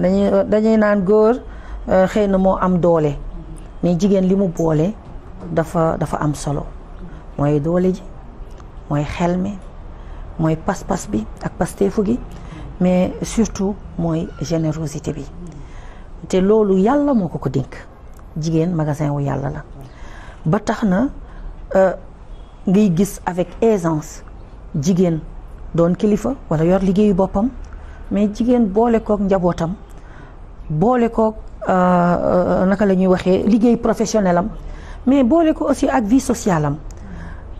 dañuy dañuy naan góor euh, xëy na moo am doole mais jigéen li mu boole dafa dafa am solo mooy doole ji mooy xel mi mooy pas-pas bi ak pasteefu gi mais surtout mooy générosité bi te loolu yàlla moo ko ko dénk jigéen magasin wu yàlla la ba tax na euh, ngay gis avec aisance jigéen doon kilifa wala yor liggéeyu boppam mais jigéen boole kook njabootam boole ko euh, euh, naka la ñuy waxee liggéey professionnel am mais boole ko aussi ak vie sociale am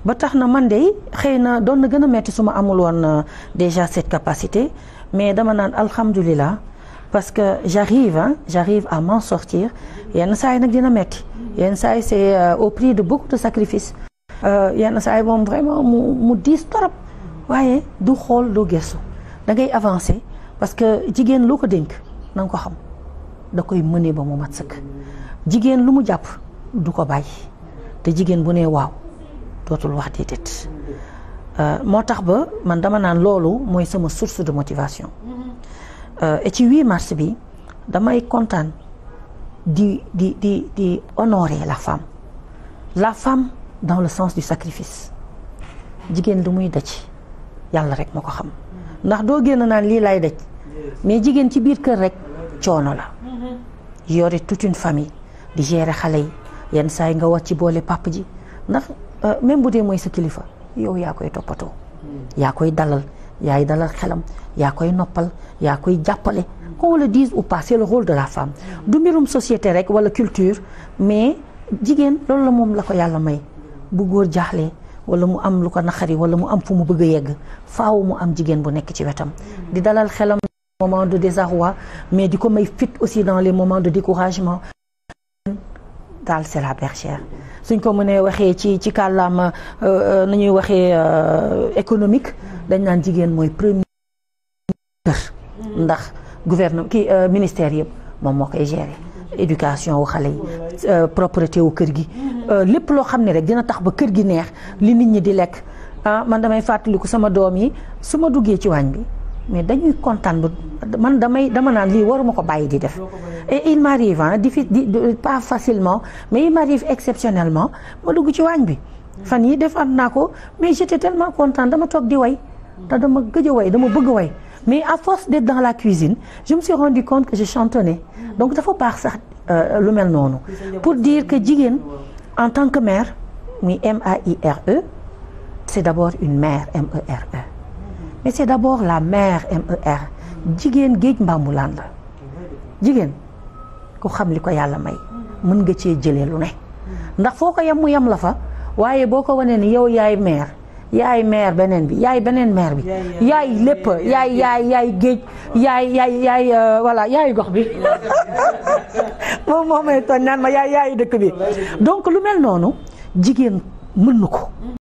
ba tax na man de xëy na doon na gën a metti su ma amul woon euh, déjà cette capacité mais dama naan alhamdulilah parce que j'arrive hein j'arrive à m'en sortir yenn saa nag dina metti yenn saa yi c'est au prix de beaucoup de sacrifices yenn saa yi moom vraiment mu mu diis torop waaye du xool du gëstu da ngay avancer parce que jigéen loo ko dénk na nga ko xam da koy mëne ba mu mat sëkk jigéen lu mu jàpp du ko bàyyi te jigéen bu ne waaw dootul wax déedéet euh, moo tax ba man dama naan loolu mooy sama source de motivation mm-hmm. euh, et ci 8 mars bi damay kontaan di di di di honorer la femme la femme dans le sens du sacrifice jigéen lu muy daj yàlla rek moo ko xam mm-hmm. ndax doo génn naan lii lay daj mais jigéen ci biir kër rek coono la mm-hmm. yore toute une famille di gérer xale yi yenn saa yi nga war ci boole papa ji ndax euh, même bu dee mooy sa kilifa yow yaa koy toppatoo. yaa koy dalal yaay dalal xelam yaa koy noppal yaa koy jàppale. qu'on le dise ou pas c'est le de la femme. du mbirum société rek wala culture mais jigéen loolu la moom la ko yàlla may bu góor jaaxlee. wala mu am lu ko naxari wala mu am fu mu bëgg a yegg faaw mu am jigéen bu nekk ci wetam di dalal xelam moments de désarroi mais di ko may fit aussi dans les moments de découragement daal c'est la bergère suñ ko mënee waxee ci ci kàllaama euh, euh, na ñuy waxee euh, économique dañ naan jigéen mooy premier kër ndax gouvernement kii yëpp moom moo koy gérer éducation wu xale yi propreté wu kër gi lépp loo xam ne rek dina tax ba kër gi neex li nit ñi di lekk ah man damay fàttaliku sama doom yi su ma duggee ci waañ bi mais dañuy kontaan ba man damay dama naan lii waruma ko bàyyi di def et il m'arrive ah di fi di pas facilement mais il m'arrive exceptionnellement ma dugg ci waañ bi fan yi defaat naa ko mais j'étais tellement content dama toog di way te dama gëj a way dama bëgg a way mais à force d'être dans la cuisine je me suis rendu compte que je chantonnais donc dafa baax sax euh, lu mel noonu pour diir que jigéen en tant que maire muy M A I e, c'est d'abord une mère M e mais c'est d'abord la mère MER e jigéen géej mbaamu laan la jigéen ku xam li ko yàlla may mën nga cee jëlee lu ne ndax foo ko yem mu yem la fa waaye boo ko wanee ni yow yaay mère yaay mère beneen bi yaay beneen mère bi yaay lépp yaay géej yaay yaay yaay euh, voilà yaay gox bi moom moo may tooñ naan ma yaay yaay dëkk bi donc lu mel noonu jigéen mën na ko